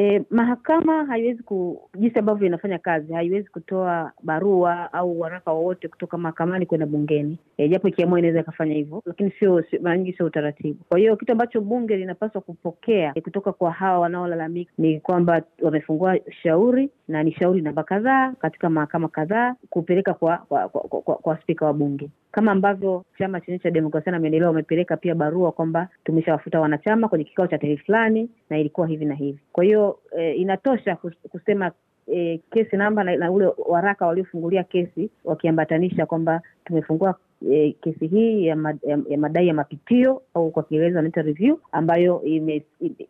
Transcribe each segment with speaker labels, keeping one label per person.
Speaker 1: E, mahakama haiwezi ku jinsi ambavyo inafanya kazi haiwezi kutoa barua au waraka wowote kutoka mahakamani kwenda bungeni, e, japo ikiamua inaweza ikafanya hivyo, lakini sio mara nyingi sio utaratibu. Kwa hiyo kitu ambacho bunge linapaswa kupokea e, kutoka kwa hawa wanaolalamika ni kwamba wamefungua shauri na ni shauri namba kadhaa katika mahakama kadhaa kupeleka kwa kwa, kwa, kwa, kwa, kwa spika wa bunge kama ambavyo chama chenye cha demokrasia na maendeleo wamepeleka pia barua kwamba tumeshawafuta wanachama kwenye kikao cha tarehe fulani na ilikuwa hivi na hivi. Kwa hiyo e, inatosha kusema e, kesi namba na, na ule waraka waliofungulia kesi wakiambatanisha kwamba tumefungua e, kesi hii ya, ma, ya, ya madai ya mapitio au kwa Kiingereza wanaita review, ambayo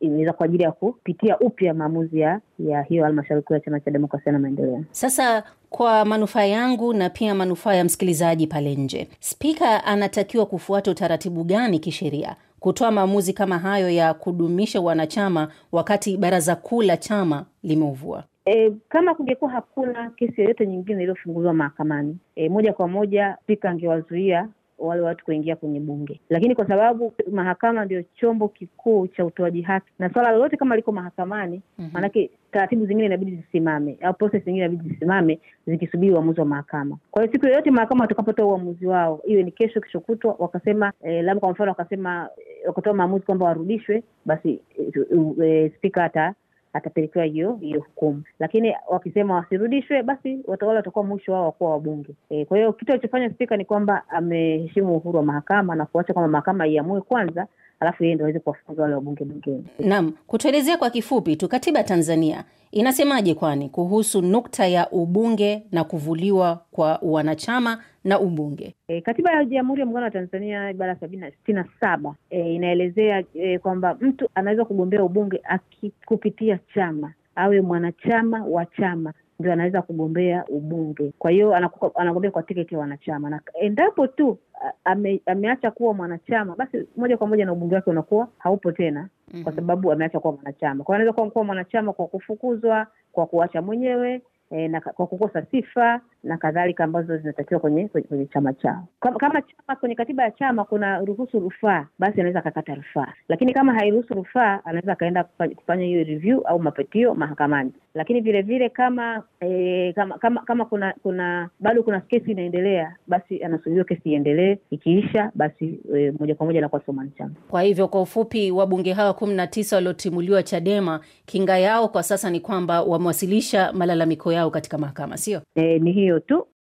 Speaker 1: imeweza kwa ajili ya kupitia upya maamuzi ya ya hiyo halmashauri kuu ya Chama cha Demokrasia na Maendeleo.
Speaker 2: Sasa kwa manufaa yangu na pia manufaa ya msikilizaji pale nje, spika anatakiwa kufuata utaratibu gani kisheria kutoa maamuzi kama hayo ya kudumisha wanachama wakati baraza kuu la chama limeuvua?
Speaker 1: E, kama kungekuwa hakuna kesi yoyote nyingine iliyofunguliwa mahakamani e, moja kwa moja spika angewazuia wale watu kuingia kwenye bunge, lakini kwa sababu mahakama ndio chombo kikuu cha utoaji haki na swala lolote kama liko mahakamani, maanake mhm. mm -hmm. taratibu zingine inabidi zisimame au proses zingine inabidi zisimame zikisubiri uamuzi wa mahakama. Kwa hiyo siku yoyote mahakama watakapotoa uamuzi wao, iwe ni kesho, kesho kutwa, wakasema eh, labda kwa mfano wakasema eh, wakatoa maamuzi kwamba warudishwe, basi eh, eh, spika hata atapelekewa hiyo hiyo hukumu. Lakini wakisema wasirudishwe, basi watawala watakuwa mwisho wao wakuwa wabunge. E, kwa hiyo kitu alichofanya spika ni kwamba ameheshimu uhuru wa mahakama na kuacha kwamba mahakama
Speaker 2: iamue kwanza alafu yeye ndo aweze kuwafunza wale wabunge bungeni. nam kutuelezea kwa kifupi tu katiba ya Tanzania inasemaje kwani kuhusu nukta ya ubunge na kuvuliwa kwa wanachama na ubunge?
Speaker 1: E, katiba ya Jamhuri ya Muungano wa Tanzania ibara sabini na sitini na saba e, inaelezea e, kwamba mtu anaweza kugombea ubunge akikupitia chama awe mwanachama wa chama ndio anaweza kugombea ubunge. Kwa hiyo anagombea kwa tiketi ya wanachama, na endapo tu ame, ameacha kuwa mwanachama, basi moja kwa moja na ubunge wake unakuwa haupo tena mm-hmm. kwa mhm. sababu ameacha kuwa mwanachama. Kwa hiyo anaweza kuwa mwanachama kwa kufukuzwa, kwa kuacha mwenyewe E, na kwa kukosa sifa na kadhalika ambazo zinatakiwa kwenye, kwenye, kwenye chama chao. Kama, chama kwenye katiba ya chama kuna ruhusu rufaa, basi anaweza akakata rufaa, lakini kama hairuhusu rufaa, anaweza akaenda kufanya hiyo review au mapitio mahakamani lakini vile vile kama, e, kama kama kama kuna kuna bado kuna kesi inaendelea, basi anasubiriwa kesi iendelee, ikiisha basi e, moja kwa moja anakuwa Summary Changa.
Speaker 2: Kwa hivyo kwa ufupi, wabunge hawa kumi na tisa waliotimuliwa Chadema, kinga yao kwa sasa ni kwamba wamewasilisha malalamiko yao katika mahakama, sio
Speaker 1: e, ni hiyo tu.